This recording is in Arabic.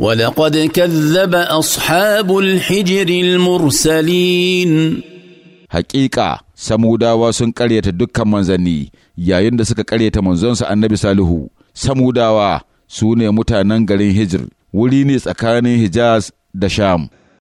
ولقد كذب أصحاب الحجر المرسلين حقيقة سمودا واسن قرية دكا منزني يا يندسك قرية منزون النبي صالحو سمودا وا متانن غرين هجر وليني سكاني هجاز دشام